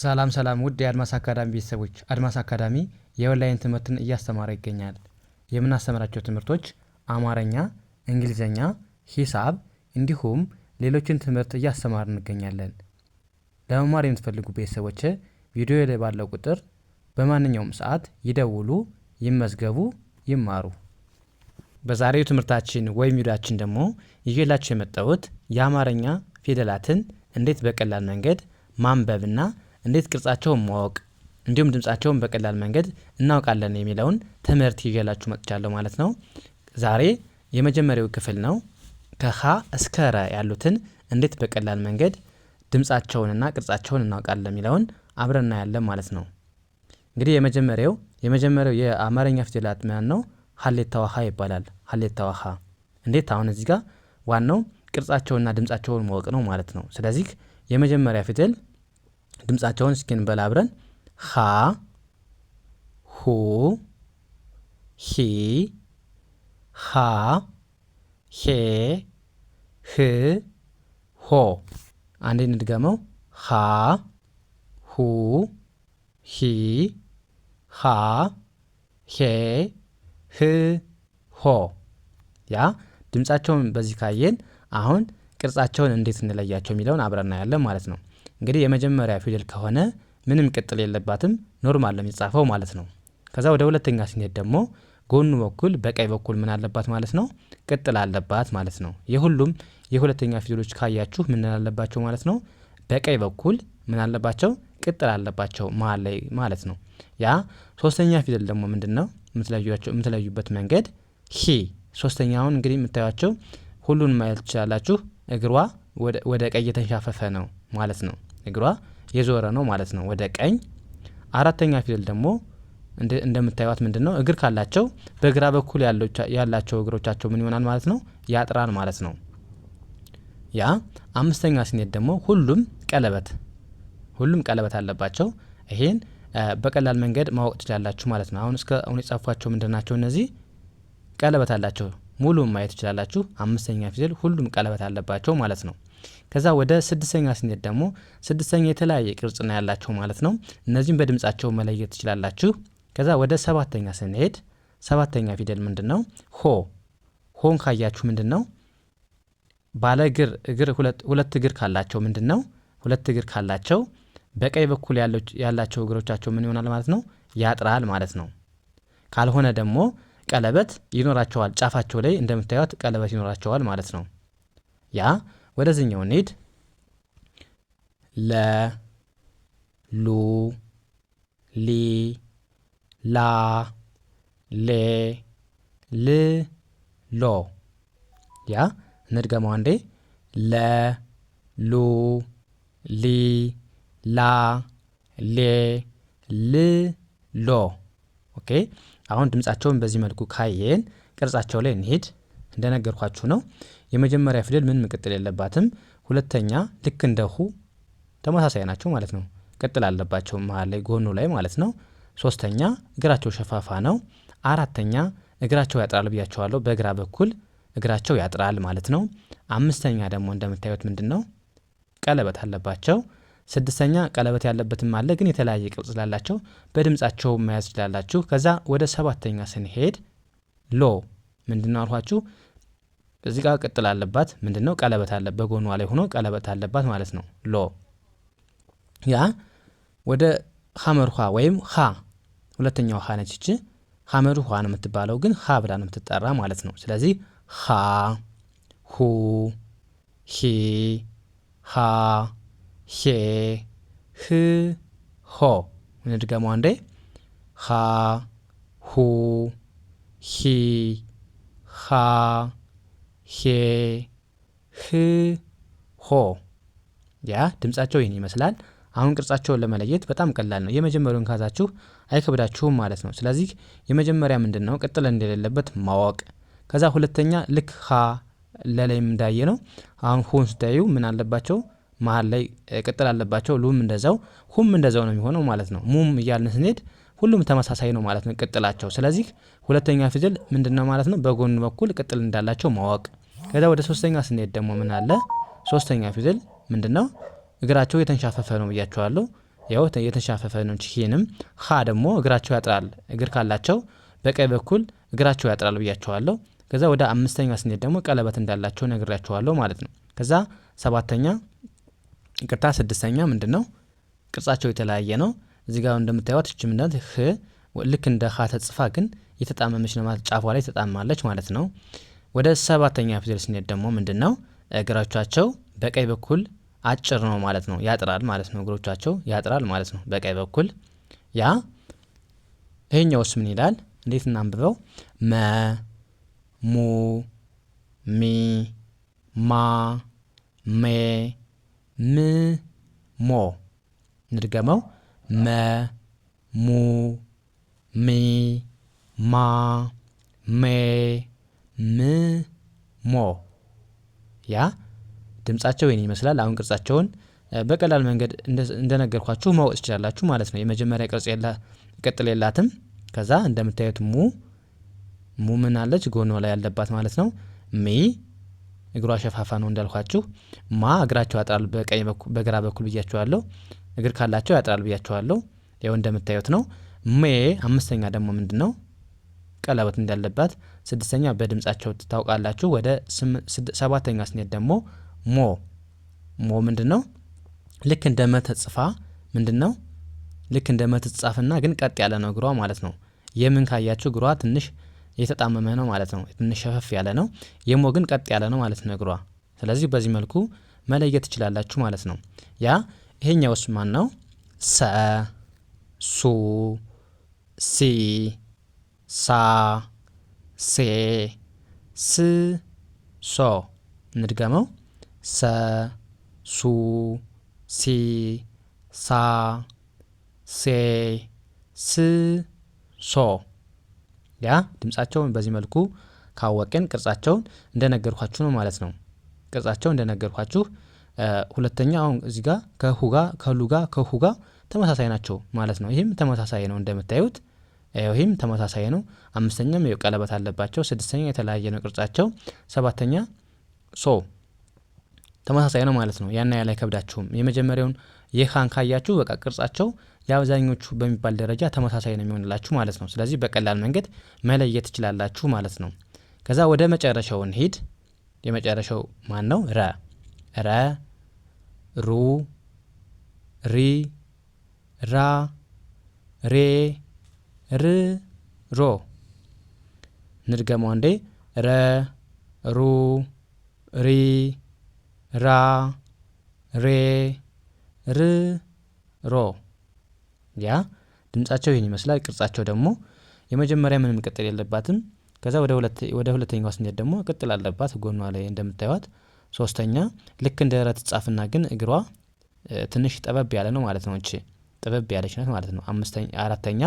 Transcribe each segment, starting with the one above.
ሰላም ሰላም ውድ የአድማስ አካዳሚ ቤተሰቦች፣ አድማስ አካዳሚ የኦንላይን ትምህርትን እያስተማረ ይገኛል። የምናስተምራቸው ትምህርቶች አማርኛ፣ እንግሊዝኛ፣ ሂሳብ እንዲሁም ሌሎችን ትምህርት እያስተማር እንገኛለን። ለመማር የምትፈልጉ ቤተሰቦች ቪዲዮ ላይ ባለው ቁጥር በማንኛውም ሰዓት ይደውሉ፣ ይመዝገቡ፣ ይማሩ። በዛሬው ትምህርታችን ወይም ቪዲዮአችን ደግሞ ይዤላችሁ የመጣሁት የአማርኛ ፊደላትን እንዴት በቀላል መንገድ ማንበብና እንዴት ቅርጻቸውን ማወቅ እንዲሁም ድምጻቸውን በቀላል መንገድ እናውቃለን የሚለውን ትምህርት ይዤላችሁ መጥቻለሁ ማለት ነው። ዛሬ የመጀመሪያው ክፍል ነው። ከሀ እስከ ረ ያሉትን እንዴት በቀላል መንገድ ድምጻቸውንና ቅርጻቸውን እናውቃለን የሚለውን አብረን እናያለን ማለት ነው። እንግዲህ የመጀመሪያው የመጀመሪያው የአማርኛ ፊደላት ማን ነው? ሀሌታዋ ይባላል። ሀሌታ ሀ እንዴት አሁን እዚህ ጋር ዋናው ቅርጻቸውንና ድምጻቸውን ማወቅ ነው ማለት ነው። ስለዚህ የመጀመሪያ ፊደል ድምፃቸውን እስኪን እንበል አብረን ሀ ሁ ሂ ሃ ሄ ህ ሆ። አንዴ እንድገመው ሃ ሁ ሂ ሃ ሄ ህ ሆ። ያ ድምፃቸውን በዚህ ካየን አሁን ቅርጻቸውን እንዴት እንለያቸው የሚለውን አብረን ያለን ማለት ነው። እንግዲህ የመጀመሪያ ፊደል ከሆነ ምንም ቅጥል የለባትም ኖርማል ነው የሚጻፈው ማለት ነው። ከዛ ወደ ሁለተኛ ስንሄድ ደግሞ ጎኑ በኩል በቀኝ በኩል ምን አለባት ማለት ነው? ቅጥል አለባት ማለት ነው። የሁሉም የሁለተኛ ፊደሎች ካያችሁ ምን አለባቸው ማለት ነው? በቀኝ በኩል ምን አለባቸው? ቅጥል አለባቸው መሀል ላይ ማለት ነው። ያ ሶስተኛ ፊደል ደግሞ ምንድን ነው የምትለዩበት መንገድ ሂ። ሶስተኛውን እንግዲህ የምታዩቸው ሁሉን ማየት ትችላላችሁ። እግሯ ወደ ቀይ የተንሻፈፈ ነው ማለት ነው። እግሯ የዞረ ነው ማለት ነው ወደ ቀኝ። አራተኛ ፊደል ደግሞ እንደምታዩት ምንድን ነው እግር ካላቸው በግራ በኩል ያላቸው እግሮቻቸው ምን ይሆናል ማለት ነው ያጥራል ማለት ነው። ያ አምስተኛ ስንሄድ ደግሞ ሁሉም ቀለበት ሁሉም ቀለበት አለባቸው። ይሄን በቀላል መንገድ ማወቅ ትችላላችሁ ማለት ነው። አሁን እስከ አሁን የጻፏቸው ምንድን ናቸው? እነዚህ ቀለበት አላቸው። ሙሉም ማየት ትችላላችሁ። አምስተኛ ፊደል ሁሉም ቀለበት አለባቸው ማለት ነው። ከዛ ወደ ስድስተኛ ስንሄድ ደግሞ ስድስተኛ የተለያየ ቅርጽና ያላቸው ማለት ነው። እነዚህም በድምጻቸው መለየት ትችላላችሁ። ከዛ ወደ ሰባተኛ ስንሄድ ሰባተኛ ፊደል ምንድን ነው? ሆ ሆን ካያችሁ ምንድን ነው? ባለ እግር እግር ሁለት እግር ካላቸው ምንድን ነው? ሁለት እግር ካላቸው በቀኝ በኩል ያላቸው እግሮቻቸው ምን ይሆናል ማለት ነው? ያጥራል ማለት ነው። ካልሆነ ደግሞ ቀለበት ይኖራቸዋል። ጫፋቸው ላይ እንደምታዩት ቀለበት ይኖራቸዋል ማለት ነው። ያ ወደዚህኛው እንሂድ። ለ ሉ ሊ ላ ሌ ል ሎ ያ እንድገመው አንዴ ለ ሉ ሊ ላ ሌ ል ሎ ኦኬ። አሁን ድምጻቸውን በዚህ መልኩ ካየን ቅርጻቸው ላይ እንሂድ። እንደነገርኳችሁ ነው የመጀመሪያ ፊደል ምን ምቅጥል የለባትም። ሁለተኛ ልክ እንደ ሁ ተመሳሳይ ናቸው ማለት ነው። ቅጥል አለባቸው መሀል ላይ ጎኑ ላይ ማለት ነው። ሶስተኛ እግራቸው ሸፋፋ ነው። አራተኛ እግራቸው ያጥራል ብያቸዋለሁ። በግራ በኩል እግራቸው ያጥራል ማለት ነው። አምስተኛ ደግሞ እንደምታዩት ምንድን ነው ቀለበት አለባቸው። ስድስተኛ ቀለበት ያለበትም አለ፣ ግን የተለያየ ቅርጽ ስላላቸው በድምጻቸው መያዝ ይችላላችሁ። ከዛ ወደ ሰባተኛ ስንሄድ ሎ ምንድን ነው አልኋችሁ እዚህ ጋር ቅጥል አለባት። ምንድን ነው ቀለበት አለ በጎኗ ላይ ሆኖ ቀለበት አለባት ማለት ነው። ሎ ያ ወደ ሀመር ኋ ወይም ሀ ሁለተኛው ሀ ነች እቺ ሀመር ኋ ነው የምትባለው፣ ግን ሀ ብላ ነው የምትጠራ ማለት ነው። ስለዚህ ሀ ሁ ሂ ሀ ሄ ህ ሆ እንድገማ እንዴ ሀ ሁ ሂ ሃ ሄ ህ ሆ ያ ድምጻቸው ይህን ይመስላል። አሁን ቅርጻቸውን ለመለየት በጣም ቀላል ነው። የመጀመሪያውን ካዛችሁ አይከብዳችሁም ማለት ነው። ስለዚህ የመጀመሪያ ምንድን ነው ቅጥል እንደሌለበት ማወቅ። ከዛ ሁለተኛ ልክ ሀ ለላይ እንዳየ ነው። አሁን ሁን ስታዩ ምን አለባቸው መሀል ላይ ቅጥል አለባቸው። ሉም እንደዛው፣ ሁም እንደዛው ነው የሚሆነው ማለት ነው። ሙም እያልን ስንሄድ ሁሉም ተመሳሳይ ነው ማለት ነው ቅጥላቸው። ስለዚህ ሁለተኛ ፊደል ምንድን ነው ማለት ነው በጎን በኩል ቅጥል እንዳላቸው ማወቅ ከዛ ወደ ሶስተኛ ስንሄድ ደግሞ ምን አለ? ሶስተኛ ፊደል ምንድን ነው? እግራቸው የተንሻፈፈ ነው ብያቸዋለሁ። ያው የተንሻፈፈ ነው። ይህንም ሀ ደግሞ እግራቸው ያጥራል። እግር ካላቸው በቀኝ በኩል እግራቸው ያጥራል ብያቸዋለሁ። ከዛ ወደ አምስተኛ ስንሄድ ደግሞ ቀለበት እንዳላቸው ነግሬያቸዋለሁ ማለት ነው። ከዛ ሰባተኛ ቅርታ ስድስተኛ ምንድን ነው? ቅርጻቸው የተለያየ ነው። እዚህ ጋር እንደምታዩት እች ህ ልክ እንደ ሀ ተጽፋ ግን የተጣመመች ነው ማለት ጫፏ ላይ ተጣማለች ማለት ነው። ወደ ሰባተኛ ፊደል ስንሄድ ደግሞ ምንድን ነው እግሮቻቸው በቀኝ በኩል አጭር ነው ማለት ነው፣ ያጥራል ማለት ነው። እግሮቻቸው ያጥራል ማለት ነው በቀኝ በኩል ያ። ይሄኛውስ ምን ይላል? እንዴት እናንብበው? መ ሙ ሚ ማ ሜ ም ሞ። እንድገመው መ ሙ ሚ ማ ሜ ሞ ያ ድምጻቸው ይህን ይመስላል። አሁን ቅርጻቸውን በቀላል መንገድ እንደነገርኳችሁ ማወቅ ትችላላችሁ ማለት ነው። የመጀመሪያ ቅርጽ ቅጥል የላትም። ከዛ እንደምታዩት ሙ ሙ ምን አለች ጎኖ ላይ ያለባት ማለት ነው። ሚ እግሯ ሸፋፋ ነው እንዳልኳችሁ። ማ እግራቸው ያጥራል በቀኝ በግራ በኩል ብያችኋለሁ። እግር ካላቸው ያጥራል ብያችኋለሁ። ይኸው እንደምታዩት ነው። ሜ አምስተኛ ደግሞ ምንድን ነው? ቀለበት እንዳለባት፣ ስድስተኛ በድምጻቸው ታውቃላችሁ። ወደ ሰባተኛ ስኔት ደግሞ ሞ ሞ ምንድን ነው? ልክ እንደ መተጽፋ ምንድን ነው? ልክ እንደ መተጻፍና ግን ቀጥ ያለ ነው እግሯ ማለት ነው። የምን ካያችሁ እግሯ ትንሽ የተጣመመ ነው ማለት ነው። ትንሽ ሸፈፍ ያለ ነው። የሞ ግን ቀጥ ያለ ነው ማለት ነው እግሯ። ስለዚህ በዚህ መልኩ መለየት ትችላላችሁ ማለት ነው። ያ ይሄኛውስ ማን ነው? ሰ ሱ ሲ ሳ ሴ ስ ሶ እንድገመው ሰ ሱ ሲ ሳ ሴ ስ ሶ ያ ድምጻቸውን በዚህ መልኩ ካወቅን ቅርጻቸውን እንደነገርኳችሁ ነው ማለት ነው። ቅርጻቸው እንደነገርኳችሁ ሁለተኛ አሁን እዚህ ጋር ከሁጋ ከሉጋ ከሁጋ ተመሳሳይ ናቸው ማለት ነው። ይህም ተመሳሳይ ነው እንደምታዩት ይህም ተመሳሳይ ነው። አምስተኛም ቀለበት አለባቸው። ስድስተኛ የተለያየ ነው ቅርጻቸው። ሰባተኛ ሶ ተመሳሳይ ነው ማለት ነው። ያና ያህል አይከብዳችሁም። የመጀመሪያውን የካን ካያችሁ በቃ ቅርጻቸው የአብዛኞቹ በሚባል ደረጃ ተመሳሳይ ነው የሚሆንላችሁ ማለት ነው። ስለዚህ በቀላል መንገድ መለየት ትችላላችሁ ማለት ነው። ከዛ ወደ መጨረሻው እንሂድ። የመጨረሻው ማን ነው? ረ ረ ሩ ሪ ራ ሬ ርሮ ንድገመው አንዴ ረ ሩ ሪ ራ ሬ ር ሮ ያ ድምጻቸው ይህን ይመስላል። ቅርጻቸው ደግሞ የመጀመሪያ ምንም ቅጥል የለባትም። ከዛ ወደ ሁለተኛዋ ስንሄድ ደግሞ ቅጥል አለባት ጎኗ ላይ እንደምታዩት። ሶስተኛ ልክ እንደ ረት ጻፍና ግን እግሯ ትንሽ ጠበብ ያለ ነው ማለት ነው። እቺ ጠበብ ያለች ናት ማለት ነው። አራተኛ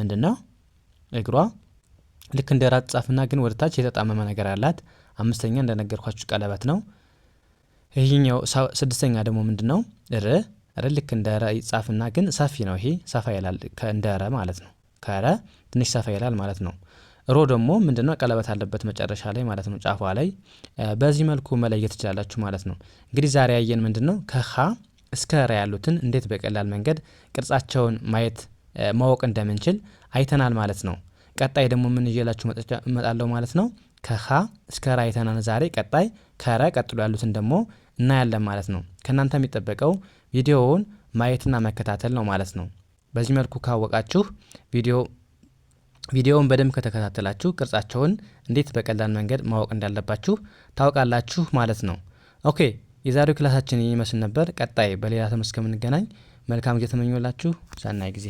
ምንድን ነው እግሯ ልክ እንደ ራት ጻፍና ግን ወደ ታች የተጣመመ ነገር አላት። አምስተኛ እንደነገርኳችሁ ቀለበት ነው። ይህኛው ስድስተኛ ደግሞ ምንድን ነው ር ር ልክ እንደ ረ ይጻፍና ግን ሰፊ ነው። ይሄ ሰፋ ይላል እንደ ረ ማለት ነው። ከረ ትንሽ ሰፋ ይላል ማለት ነው። ሮ ደግሞ ምንድነው ቀለበት አለበት መጨረሻ ላይ ማለት ነው፣ ጫፏ ላይ። በዚህ መልኩ መለየት ትችላላችሁ ማለት ነው። እንግዲህ ዛሬ ያየን ምንድን ነው ከሀ እስከ ረ ያሉትን እንዴት በቀላል መንገድ ቅርጻቸውን ማየት ማወቅ እንደምንችል አይተናል ማለት ነው። ቀጣይ ደግሞ ምን ይዤላችሁ እመጣለሁ ማለት ነው። ከሀ እስከ ራ አይተናል ዛሬ። ቀጣይ ከረ ቀጥሎ ያሉትን ደግሞ እናያለን ማለት ነው። ከእናንተ የሚጠበቀው ቪዲዮውን ማየትና መከታተል ነው ማለት ነው። በዚህ መልኩ ካወቃችሁ ቪዲዮ ቪዲዮውን በደንብ ከተከታተላችሁ ቅርጻቸውን እንዴት በቀላል መንገድ ማወቅ እንዳለባችሁ ታውቃላችሁ ማለት ነው። ኦኬ የዛሬው ክላሳችን ይመስል ነበር። ቀጣይ በሌላ ትምህርት እስከምንገናኝ መልካም ጊዜ ተመኞላችሁ። ሰናይ ጊዜ